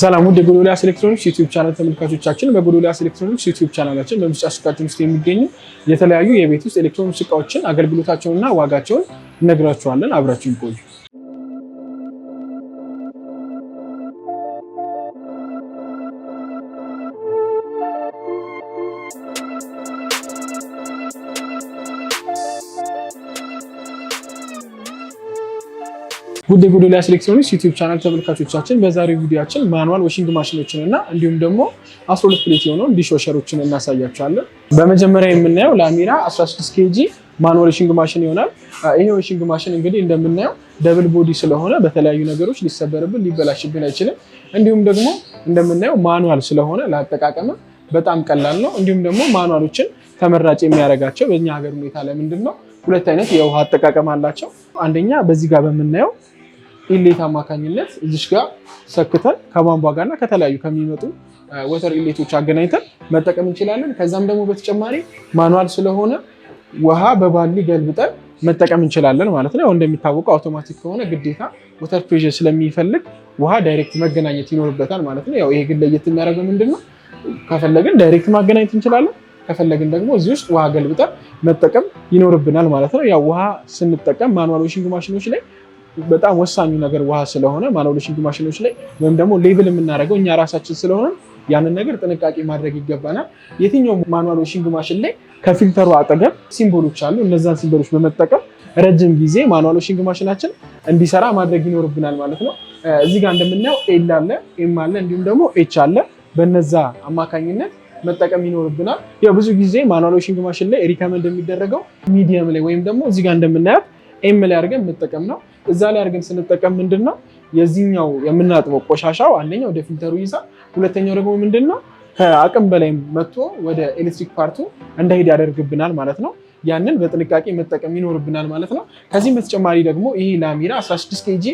ሰላም ውድ የጎዶልያስ ኤሌክትሮኒክስ ዩቲዩብ ቻናል ተመልካቾቻችን፣ በጎዶልያስ ኤሌክትሮኒክስ ዩቲዩብ ቻናላችን በምርጫ ሱቃችን ውስጥ የሚገኙ የተለያዩ የቤት ውስጥ ኤሌክትሮኒክስ እቃዎችን አገልግሎታቸውንና ዋጋቸውን እነግራችኋለን። አብራችሁ ቆዩ። ጉድ ጎዶልያስ ኤሌክትሮኒክስ ዩቲዩብ ቻናል ተመልካቾቻችን በዛሬው ቪዲዮችን ማኑዋል ዋሽንግ ማሽኖችን እና እንዲሁም ደግሞ 12 ፕሌት የሆነውን ዲሽዋሸሮችን እናሳያቸዋለን። በመጀመሪያ የምናየው ላሚራ 16 ኬጂ ማኑዋል ዋሽንግ ማሽን ይሆናል። ይሄ ዋሽንግ ማሽን እንግዲህ እንደምናየው ደብል ቦዲ ስለሆነ በተለያዩ ነገሮች ሊሰበርብን ሊበላሽብን አይችልም። እንዲሁም ደግሞ እንደምናየው ማኑዋል ስለሆነ ለአጠቃቀም በጣም ቀላል ነው። እንዲሁም ደግሞ ማኑዋሎችን ተመራጭ የሚያደርጋቸው በእኛ ሀገር ሁኔታ ላይ ምንድን ነው ሁለት አይነት የውሃ አጠቃቀም አላቸው። አንደኛ በዚህ ጋር በምናየው ኢሌት አማካኝነት እዚሽ ጋር ሰክተን ከቧንቧ ጋርና ከተለያዩ ከሚመጡ ወተር ኢሌቶች አገናኝተን መጠቀም እንችላለን። ከዛም ደግሞ በተጨማሪ ማኑዋል ስለሆነ ውሃ በባሊ ገልብጠን መጠቀም እንችላለን ማለት ነው። እንደሚታወቀው አውቶማቲክ ከሆነ ግዴታ ወተር ፕሬር ስለሚፈልግ ውሃ ዳይሬክት መገናኘት ይኖርበታል ማለት ነው። ያው ይሄ ግን ለየት የሚያደርገው ምንድን ነው? ከፈለግን ዳይሬክት ማገናኘት እንችላለን፣ ከፈለግን ደግሞ እዚህ ውስጥ ውሃ ገልብጠን መጠቀም ይኖርብናል ማለት ነው። ያው ውሃ ስንጠቀም ማኑዋል ዋሽንግ ማሽኖች ላይ በጣም ወሳኙ ነገር ውሃ ስለሆነ ማናብሌሽንግ ማሽኖች ላይ ወይም ደግሞ ሌብል የምናደርገው እኛ ራሳችን ስለሆነ ያንን ነገር ጥንቃቄ ማድረግ ይገባናል። የትኛው ማኑዋል ዋሺንግ ማሽን ላይ ከፊልተሩ አጠገብ ሲምቦሎች አሉ። እነዛን ሲምቦሎች በመጠቀም ረጅም ጊዜ ማኑዋል ዋሺንግ ማሽናችን እንዲሰራ ማድረግ ይኖርብናል ማለት ነው። እዚህ ጋር እንደምናየው ኤል አለ፣ ኤም አለ፣ እንዲሁም ደግሞ ኤች አለ። በነዛ አማካኝነት መጠቀም ይኖርብናል። ያው ብዙ ጊዜ ማኑዋል ዋሺንግ ማሽን ላይ ሪከመንድ የሚደረገው ሚዲየም ላይ ወይም ደግሞ እዚህ ጋር እንደምናያት ኤም ላይ አድርገን መጠቀም ነው። እዛ ላይ አድርገን ስንጠቀም ምንድን ነው የዚህኛው የምናጥበው ቆሻሻው አንደኛ ወደ ፊልተሩ ይዛ፣ ሁለተኛው ደግሞ ምንድን ነው ከአቅም በላይ መጥቶ ወደ ኤሌክትሪክ ፓርቱ እንዳይሄድ ያደርግብናል ማለት ነው። ያንን በጥንቃቄ መጠቀም ይኖርብናል ማለት ነው። ከዚህም በተጨማሪ ደግሞ ይሄ ላሚራ 16 ኬጂ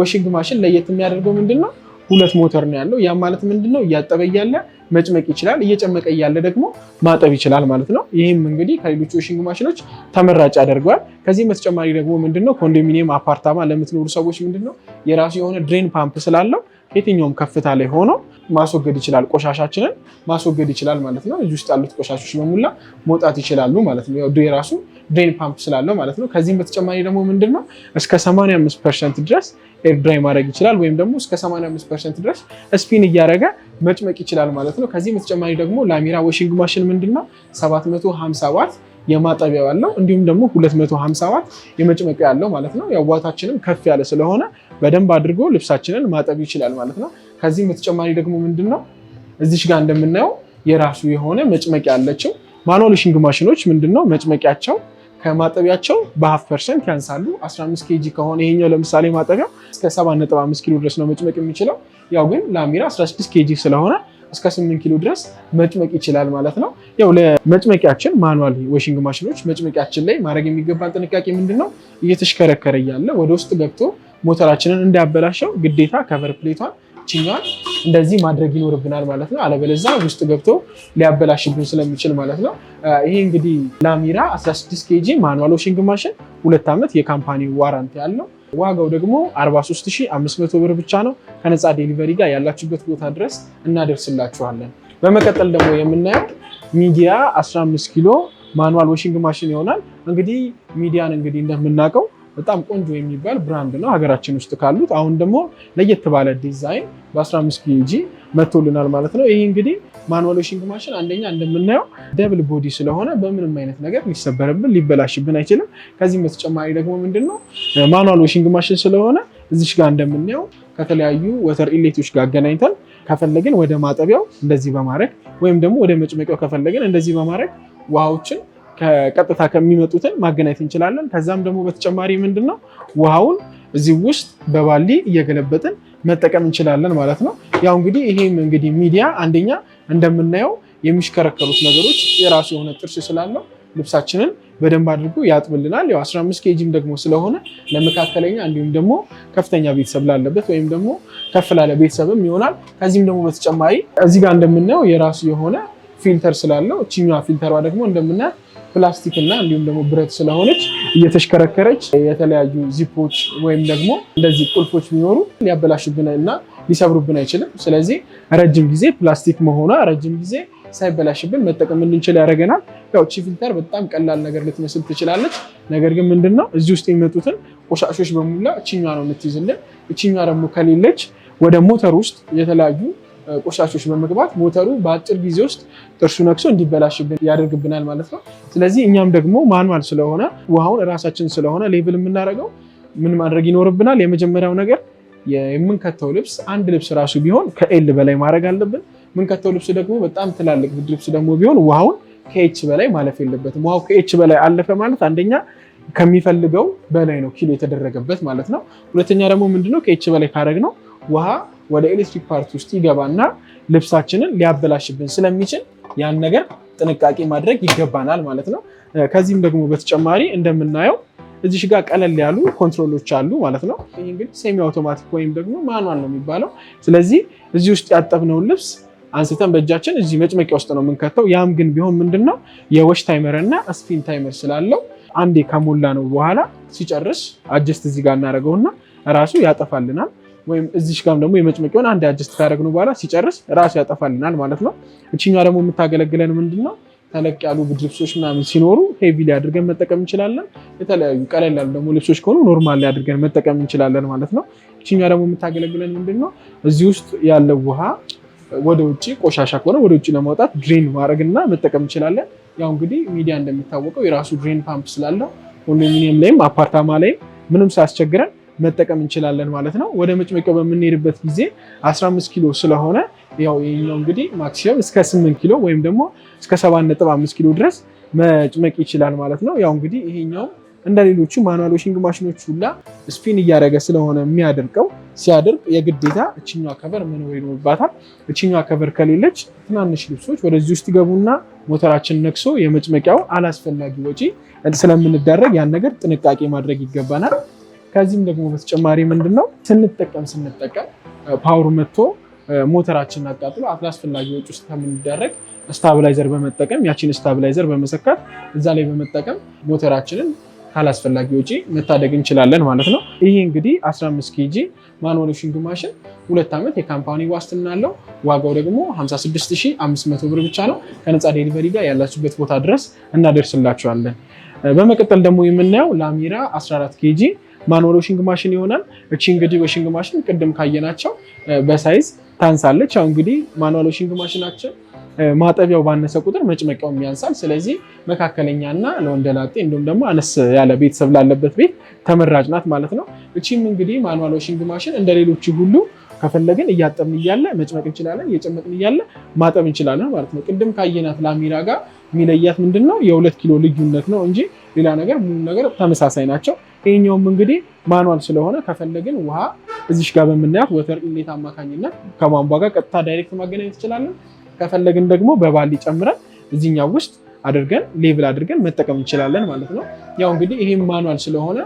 ወሽንግ ማሽን ለየት የሚያደርገው ምንድን ነው ሁለት ሞተር ነው ያለው። ያ ማለት ምንድነው እያጠበ እያለ መጭመቅ ይችላል፣ እየጨመቀ እያለ ደግሞ ማጠብ ይችላል ማለት ነው። ይህም እንግዲህ ከሌሎች ዋሽንግ ማሽኖች ተመራጭ ያደርገዋል። ከዚህም በተጨማሪ ደግሞ ምንድነው ኮንዶሚኒየም አፓርታማ ለምትኖሩ ሰዎች ምንድነው የራሱ የሆነ ድሬን ፓምፕ ስላለው የትኛውም ከፍታ ላይ ሆኖ ማስወገድ ይችላል። ቆሻሻችንን ማስወገድ ይችላል ማለት ነው። እዚህ ውስጥ ያሉት ቆሻሾች በሙላ መውጣት ይችላሉ ማለት ነው። የራሱ ድሬን ፓምፕ ስላለው ማለት ነው። ከዚህም በተጨማሪ ደግሞ ምንድን ነው እስከ 85 ፐርሰንት ድረስ ኤርድራይ ማድረግ ይችላል፣ ወይም ደግሞ እስከ 85 ፐርሰንት ድረስ ስፒን እያደረገ መጭመቅ ይችላል ማለት ነው። ከዚህም በተጨማሪ ደግሞ ላሚራ ዋሽንግ ማሽን ምንድን ነው 750 ዋት የማጠቢያ ያለው እንዲሁም ደግሞ 250 ዋት የመጭመቅ ያለው ማለት ነው። ያዋታችንም ከፍ ያለ ስለሆነ በደንብ አድርጎ ልብሳችንን ማጠብ ይችላል ማለት ነው። ከዚህም በተጨማሪ ደግሞ ምንድን ነው እዚሽ ጋር እንደምናየው የራሱ የሆነ መጭመቂያ አለችው። ማኑዋል ዋሽንግ ማሽኖች ምንድን ነው መጭመቂያቸው ከማጠቢያቸው በሀፍ ፐርሰንት ያንሳሉ። 15 ኬጂ ከሆነ ይሄኛው ለምሳሌ ማጠቢያው እስከ 7.5 ኪሎ ድረስ ነው መጭመቅ የሚችለው። ያው ግን ላሚራ 16 ኬጂ ስለሆነ እስከ 8 ኪሎ ድረስ መጭመቅ ይችላል ማለት ነው። ያው ለመጭመቂያችን ማኑዋል ወሽንግ ማሽኖች መጭመቂያችን ላይ ማድረግ የሚገባን ጥንቃቄ ምንድን ነው? እየተሽከረከረ እያለ ወደ ውስጥ ገብቶ ሞተራችንን እንዳያበላሸው ግዴታ ከቨር ፕሌቷን ችኛዋል እንደዚህ ማድረግ ይኖርብናል ማለት ነው። አለበለዛ ውስጥ ገብቶ ሊያበላሽብን ስለሚችል ማለት ነው። ይሄ እንግዲህ ላሚራ 16 ኬጂ ማኑዋል ዋሽንግ ማሽን ሁለት ዓመት የካምፓኒ ዋራንት ያለው ዋጋው ደግሞ 43500 ብር ብቻ ነው። ከነፃ ዴሊቨሪ ጋር ያላችሁበት ቦታ ድረስ እናደርስላችኋለን። በመቀጠል ደግሞ የምናየው ሚዲያ 15 ኪሎ ማኑዋል ዋሽንግ ማሽን ይሆናል። እንግዲህ ሚዲያን እንግዲህ እንደምናውቀው በጣም ቆንጆ የሚባል ብራንድ ነው ሀገራችን ውስጥ ካሉት። አሁን ደግሞ ለየት ባለ ዲዛይን በ15 ኬጂ መቶልናል ማለት ነው። ይህ እንግዲህ ማኑዋል ዋሺንግ ማሽን አንደኛ እንደምናየው ደብል ቦዲ ስለሆነ በምንም አይነት ነገር ሊሰበርብን ሊበላሽብን አይችልም። ከዚህም በተጨማሪ ደግሞ ምንድን ነው ማኑዋል ዋሺንግ ማሽን ስለሆነ እዚሽ ጋር እንደምናየው ከተለያዩ ወተር ኢሌቶች ጋር አገናኝተን ከፈለግን ወደ ማጠቢያው እንደዚህ በማድረግ ወይም ደግሞ ወደ መጭመቂያው ከፈለግን እንደዚህ በማድረግ ውሃዎችን ከቀጥታ ከሚመጡትን ማገናኘት እንችላለን። ከዛም ደግሞ በተጨማሪ ምንድን ነው ውሃውን እዚህ ውስጥ በባሊ እየገለበጥን መጠቀም እንችላለን ማለት ነው። ያው እንግዲህ ይሄም እንግዲህ ሚዲያ አንደኛ እንደምናየው የሚሽከረከሩት ነገሮች የራሱ የሆነ ጥርስ ስላለው ልብሳችንን በደንብ አድርጎ ያጥብልናል። ያው 15 ኬጂም ደግሞ ስለሆነ ለመካከለኛ እንዲሁም ደግሞ ከፍተኛ ቤተሰብ ላለበት ወይም ደግሞ ከፍ ላለ ቤተሰብም ይሆናል። ከዚህም ደግሞ በተጨማሪ እዚህ ጋር እንደምናየው የራሱ የሆነ ፊልተር ስላለው እችኛዋ ፊልተሯ ደግሞ እንደምናያት ፕላስቲክ እና እንዲሁም ደግሞ ብረት ስለሆነች እየተሽከረከረች የተለያዩ ዚፖች ወይም ደግሞ እንደዚህ ቁልፎች ቢኖሩ ሊያበላሽብን እና ሊሰብሩብን አይችልም። ስለዚህ ረጅም ጊዜ ፕላስቲክ መሆኗ ረጅም ጊዜ ሳይበላሽብን መጠቀም እንድንችል ያደርገናል። ያው ቺ ፊልተር በጣም ቀላል ነገር ልትመስል ትችላለች። ነገር ግን ምንድን ነው እዚህ ውስጥ የሚመጡትን ቆሻሾች በሙላ እችኛ ነው የምትይዝልን። እችኛ ደግሞ ከሌለች ወደ ሞተር ውስጥ የተለያዩ ቆሻሾች በመግባት ሞተሩ በአጭር ጊዜ ውስጥ ጥርሱ ነክሶ እንዲበላሽብን ያደርግብናል ማለት ነው። ስለዚህ እኛም ደግሞ ማንዋል ስለሆነ ውሃውን እራሳችን ስለሆነ ሌብል የምናደርገው ምን ማድረግ ይኖርብናል? የመጀመሪያው ነገር የምንከተው ልብስ አንድ ልብስ ራሱ ቢሆን ከኤል በላይ ማድረግ አለብን። ምንከተው ልብስ ደግሞ በጣም ትላልቅ ብርድ ልብስ ደግሞ ቢሆን ውሃውን ከኤች በላይ ማለፍ የለበትም። ውሃው ከኤች በላይ አለፈ ማለት አንደኛ ከሚፈልገው በላይ ነው ኪሎ የተደረገበት ማለት ነው። ሁለተኛ ደግሞ ምንድነው ከኤች በላይ ካረግ ነው ውሃ ወደ ኤሌክትሪክ ፓርቲ ውስጥ ይገባና ልብሳችንን ሊያበላሽብን ስለሚችል ያን ነገር ጥንቃቄ ማድረግ ይገባናል ማለት ነው። ከዚህም ደግሞ በተጨማሪ እንደምናየው እዚሽ ጋር ቀለል ያሉ ኮንትሮሎች አሉ ማለት ነው። ይህ እንግዲህ ሴሚ አውቶማቲክ ወይም ደግሞ ማኗል ነው የሚባለው። ስለዚህ እዚህ ውስጥ ያጠብነውን ልብስ አንስተን በእጃችን እዚህ መጭመቂያ ውስጥ ነው የምንከተው። ያም ግን ቢሆን ምንድን ነው የወሽ ታይመር እና ስፒን ታይመር ስላለው አንዴ ከሞላ ነው በኋላ ሲጨርስ አጀስት እዚህ ጋር እናደርገውና ራሱ ያጠፋልናል። ወይም እዚሽ ጋም ደግሞ የመጭመቂውን አንድ አጀስት ካደረግነው በኋላ ሲጨርስ ራሱ ያጠፋልናል ማለት ነው። እችኛ ደግሞ የምታገለግለን ምንድን ነው ተለቅ ያሉ ልብሶች ምናምን ሲኖሩ ሄቪ ላይ አድርገን መጠቀም እንችላለን። የተለያዩ ቀለል ያሉ ደግሞ ልብሶች ከሆኑ ኖርማል ላይ አድርገን መጠቀም እንችላለን ማለት ነው። እችኛ ደግሞ የምታገለግለን ምንድን ነው እዚህ ውስጥ ያለው ውሃ ወደ ውጭ ቆሻሻ ከሆነ ወደ ውጭ ለማውጣት ድሬን ማድረግና መጠቀም እንችላለን። ያው እንግዲህ ሚዲያ እንደሚታወቀው የራሱ ድሬን ፓምፕ ስላለው ኮንዶሚኒየም ላይም አፓርታማ ላይም ምንም ሳያስቸግረን መጠቀም እንችላለን ማለት ነው። ወደ መጭመቂያው በምንሄድበት ጊዜ 15 ኪሎ ስለሆነ ያው ይኸኛው እንግዲህ ማክሲመም እስከ 8 ኪሎ ወይም ደግሞ እስከ 7.5 ኪሎ ድረስ መጭመቅ ይችላል ማለት ነው። ያው እንግዲህ ይሄኛው እንደ ሌሎቹ ማኑዋል ዋሽንግ ማሽኖች ሁላ ስፒን እያደረገ ስለሆነ የሚያደርቀው ሲያደርቅ የግዴታ እችኛ ከቨር መኖር ይኖርባታል። እችኛዋ ከቨር ከሌለች ትናንሽ ልብሶች ወደዚህ ውስጥ ይገቡና ሞተራችን ነክሶ የመጭመቂያው አላስፈላጊ ወጪ ስለምንዳረግ ያን ነገር ጥንቃቄ ማድረግ ይገባናል። ከዚህም ደግሞ በተጨማሪ ምንድን ነው ስንጠቀም ስንጠቀም ፓወሩ መጥቶ ሞተራችንን አቃጥሎ አላስፈላጊ ወጪ ውስጥ ከምንደረግ ስታብላይዘር በመጠቀም ያችን ስታብላይዘር በመሰካት እዛ ላይ በመጠቀም ሞተራችንን ካላስፈላጊ ውጪ መታደግ እንችላለን ማለት ነው። ይህ እንግዲህ 15 ኬጂ ማኑዋል ዋሺንግ ማሽን ሁለት ዓመት የካምፓኒ ዋስትና አለው። ዋጋው ደግሞ 56500 ብር ብቻ ነው። ከነፃ ዴሊቨሪ ጋር ያላችሁበት ቦታ ድረስ እናደርስላችኋለን። በመቀጠል ደግሞ የምናየው ላሚራ 14 ኬጂ ማኑዋል ዋሽንግ ማሽን ይሆናል። እቺ እንግዲህ ዋሽንግ ማሽን ቅድም ካየናቸው በሳይዝ ታንሳለች። አሁን እንግዲህ ማኑዋል ዋሽንግ ማሽናችን ማጠቢያው ባነሰ ቁጥር መጭመቂያውም ያንሳል። ስለዚህ መካከለኛና ለወንደላጤ እንዲሁም ደግሞ አነስ ያለ ቤተሰብ ላለበት ቤት ተመራጭ ናት ማለት ነው። እቺም እንግዲህ ማኑዋል ዋሽንግ ማሽን እንደ ሌሎቹ ሁሉ ከፈለግን እያጠብን እያለ መጭመቅ እንችላለን፣ እየጨመቅን እያለ ማጠብ እንችላለን ማለት ነው። ቅድም ካየናት ላሚራ ጋር የሚለያት ምንድን ነው? የሁለት ኪሎ ልዩነት ነው እንጂ ሌላ ነገር ሙሉ ነገር ተመሳሳይ ናቸው። ይሄኛውም እንግዲህ ማኑዋል ስለሆነ ከፈለግን ውሃ እዚሽ ጋር በምናያት ወተር ኢንሌት አማካኝነት ከቧንቧ ጋር ቀጥታ ዳይሬክት ማገናኘት ይችላለን። ከፈለግን ደግሞ በባሊ ጨምረን እዚኛ ውስጥ አድርገን ሌቭል አድርገን መጠቀም እንችላለን ማለት ነው። ያው እንግዲህ ይሄም ማኑዋል ስለሆነ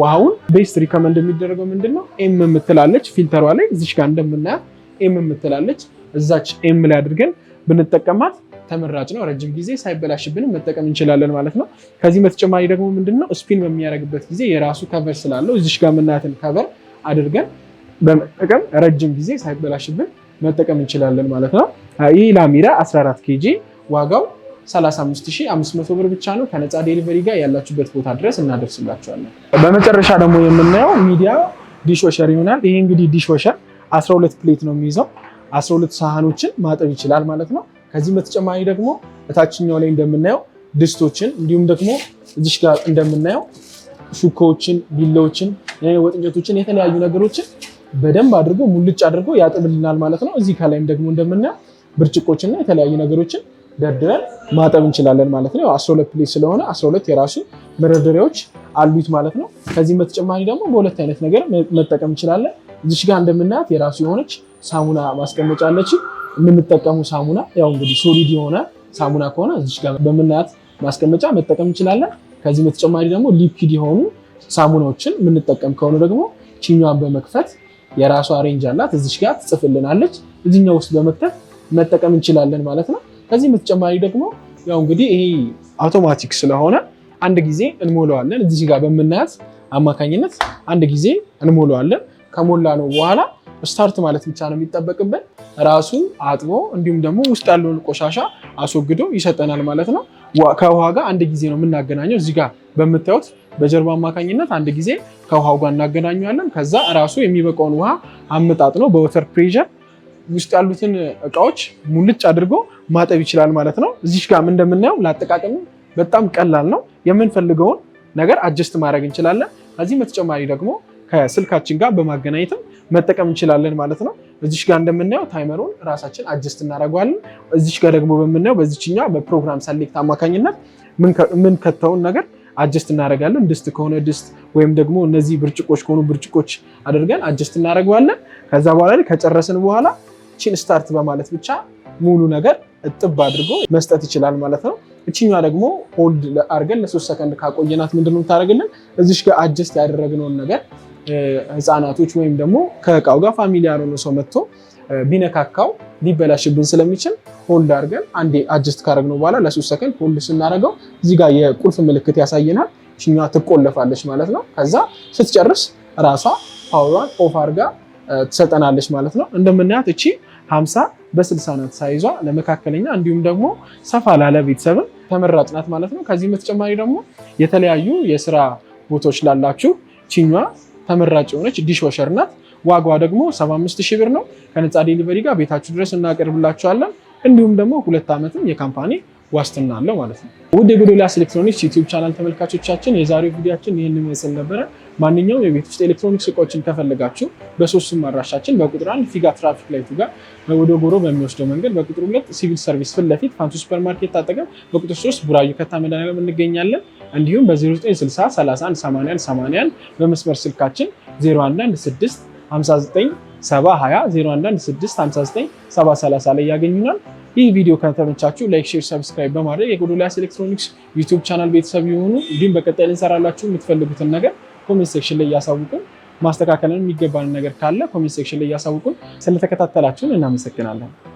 ውሃውን ቤስት ሪከመንድ የሚደረገው ምንድን ነው ኤም የምትላለች ፊልተሯ ላይ እዚሽ ጋር እንደምናያት ኤም የምትላለች እዛች ኤም ላይ አድርገን ብንጠቀማት ተመራጭ ነው። ረጅም ጊዜ ሳይበላሽብንም መጠቀም እንችላለን ማለት ነው። ከዚህ በተጨማሪ ደግሞ ምንድነው ስፒን በሚያደርግበት ጊዜ የራሱ ከቨር ስላለው እዚሽ ጋር የምናያትን ከቨር አድርገን በመጠቀም ረጅም ጊዜ ሳይበላሽብን መጠቀም እንችላለን ማለት ነው። ይህ ላሚራ 14 ኬጂ ዋጋው 35500 ብር ብቻ ነው። ከነፃ ዴሊቨሪ ጋር ያላችሁበት ቦታ ድረስ እናደርስላችኋለን። በመጨረሻ ደግሞ የምናየው ሚዲያ ዲሽ ወሸር ይሆናል። ይሄ እንግዲህ ዲሽ ወሸር 12 ፕሌት ነው የሚይዘው። 12 ሳህኖችን ማጠብ ይችላል ማለት ነው። ከዚህም በተጨማሪ ደግሞ እታችኛው ላይ እንደምናየው ድስቶችን እንዲሁም ደግሞ እዚሽ ጋር እንደምናየው ሹኮዎችን ቢላዎችን፣ ወጥ የተለያዩ ነገሮችን በደንብ አድርጎ ሙልጭ አድርጎ ያጥብልናል ማለት ነው። እዚህ ከላይም ደግሞ እንደምናየው ብርጭቆችና የተለያዩ ነገሮችን ደርድረን ማጠብ እንችላለን ማለት ነው። 12 ፕሌት ስለሆነ 12 የራሱ መደርደሪያዎች አሉት ማለት ነው። ከዚህም በተጨማሪ ደግሞ በሁለት አይነት ነገር መጠቀም እንችላለን። እዚች ጋር እንደምናያት የራሱ የሆነች ሳሙና ማስቀመጫ አለች። የምንጠቀሙ ሳሙና ያው እንግዲህ ሶሊድ የሆነ ሳሙና ከሆነ እዚች ጋር በምናያት ማስቀመጫ መጠቀም እንችላለን። ከዚህ በተጨማሪ ደግሞ ሊኪድ የሆኑ ሳሙናዎችን የምንጠቀም ከሆነ ደግሞ ቺኛዋን በመክፈት የራሷ ሬንጅ አላት። እዚች ጋር ትጽፍልናለች። እዚኛው ውስጥ በመክተት መጠቀም እንችላለን ማለት ነው። ከዚህ በተጨማሪ ደግሞ ያው እንግዲህ ይሄ አውቶማቲክ ስለሆነ አንድ ጊዜ እንሞላዋለን። እዚህ ጋር በምናያት አማካኝነት አንድ ጊዜ እንሞላዋለን። ከሞላ ነው በኋላ ስታርት ማለት ብቻ ነው የሚጠበቅብን። ራሱ አጥቦ እንዲሁም ደግሞ ውስጥ ያለውን ቆሻሻ አስወግዶ ይሰጠናል ማለት ነው። ከውሃ ጋር አንድ ጊዜ ነው የምናገናኘው። እዚህ ጋር በምታዩት በጀርባ አማካኝነት አንድ ጊዜ ከውሃው ጋር እናገናኘዋለን። ከዛ ራሱ የሚበቃውን ውሃ ነው በወተር ፕሬሸር ውስጥ ያሉትን እቃዎች ሙልጭ አድርጎ ማጠብ ይችላል ማለት ነው። እዚህ ጋም እንደምናየው ለአጠቃቀም በጣም ቀላል ነው። የምንፈልገውን ነገር አጀስት ማድረግ እንችላለን። ከዚህም በተጨማሪ ደግሞ ከስልካችን ጋር በማገናኘትም መጠቀም እንችላለን ማለት ነው። እዚሽ ጋር እንደምናየው ታይመሩን ራሳችን አጀስት እናደርገዋለን። እዚሽ ጋር ደግሞ በምናየው በዚችኛ በፕሮግራም ሰሌክት አማካኝነት ምንከተውን ነገር አጀስት እናደርጋለን። ድስት ከሆነ ድስት ወይም ደግሞ እነዚህ ብርጭቆች ከሆኑ ብርጭቆች አድርገን አጀስት እናደርገዋለን። ከዛ በኋላ ከጨረስን በኋላ ቺን ስታርት በማለት ብቻ ሙሉ ነገር እጥብ አድርጎ መስጠት ይችላል ማለት ነው። እችኛ ደግሞ ሆልድ አድርገን ለሶስት ሰከንድ ካቆየናት ምንድን ነው የምታደርግልን እዚሽ ጋር አጀስት ያደረግነውን ነገር ህፃናቶች ወይም ደግሞ ከእቃው ጋር ፋሚሊያር ሆኖ ሰው መጥቶ ቢነካካው ሊበላሽብን ስለሚችል ሆልድ አድርገን አንዴ አጀስት ካደረግነው በኋላ ለሶስት ሰከንድ ሆልድ ስናደርገው እዚህ ጋር የቁልፍ ምልክት ያሳየናል። ሽኛ ትቆለፋለች ማለት ነው። ከዛ ስትጨርስ ራሷ ፓወሯን ኦፍ አድርጋ ትሰጠናለች ማለት ነው። እንደምናያት እቺ 50 በ60 ናት ሳይዟ ለመካከለኛ እንዲሁም ደግሞ ሰፋ ላለ ቤተሰብም ተመራጭ ናት ማለት ነው። ከዚህም በተጨማሪ ደግሞ የተለያዩ የስራ ቦታዎች ላላችሁ ቺኛ ተመራጭ የሆነች ዲሽ ወሸር ናት። ዋጋዋ ደግሞ 75 ሺህ ብር ነው። ከነፃ ዴሊቨሪ ጋር ቤታችሁ ድረስ እናቀርብላችኋለን። እንዲሁም ደግሞ ሁለት ዓመትም የካምፓኒ ዋስትና አለው ማለት ነው። ውድ የጎዶልያስ ኤሌክትሮኒክስ ዩቲዩብ ቻናል ተመልካቾቻችን የዛሬው ቪዲያችን ይህን ይመስል ነበረ። ማንኛውም የቤት ውስጥ ኤሌክትሮኒክስ እቃዎችን ከፈለጋችሁ በሶስቱም አድራሻችን በቁጥር አንድ ፊጋ ትራፊክ ላይቱ ጋር ወደ ጎሮ በሚወስደው መንገድ፣ በቁጥር ሁለት ሲቪል ሰርቪስ ፊት ለፊት ፋንቱ ሱፐርማርኬት አጠገብ፣ በቁጥር ሶስት ቡራዩ ከታ መድኃኒዓለም እንገኛለን። እንዲሁም በ0960 በመስመር ስልካችን 0116 730 ላይ ያገኙናል። ይህ ቪዲዮ ከተመቻችሁ ላይክ፣ ሼር፣ ሰብስክራይብ በማድረግ የጎዶልያስ ኤሌክትሮኒክስ ዩቱብ ቻናል ቤተሰብ የሆኑ እንዲሁም በቀጣይ ልንሰራላችሁ የምትፈልጉትን ነገር ኮሜንት ሴክሽን ላይ እያሳውቁን ማስተካከልን የሚገባንን ነገር ካለ ኮሜንት ሴክሽን ላይ እያሳውቁን። ስለተከታተላችሁን እናመሰግናለን።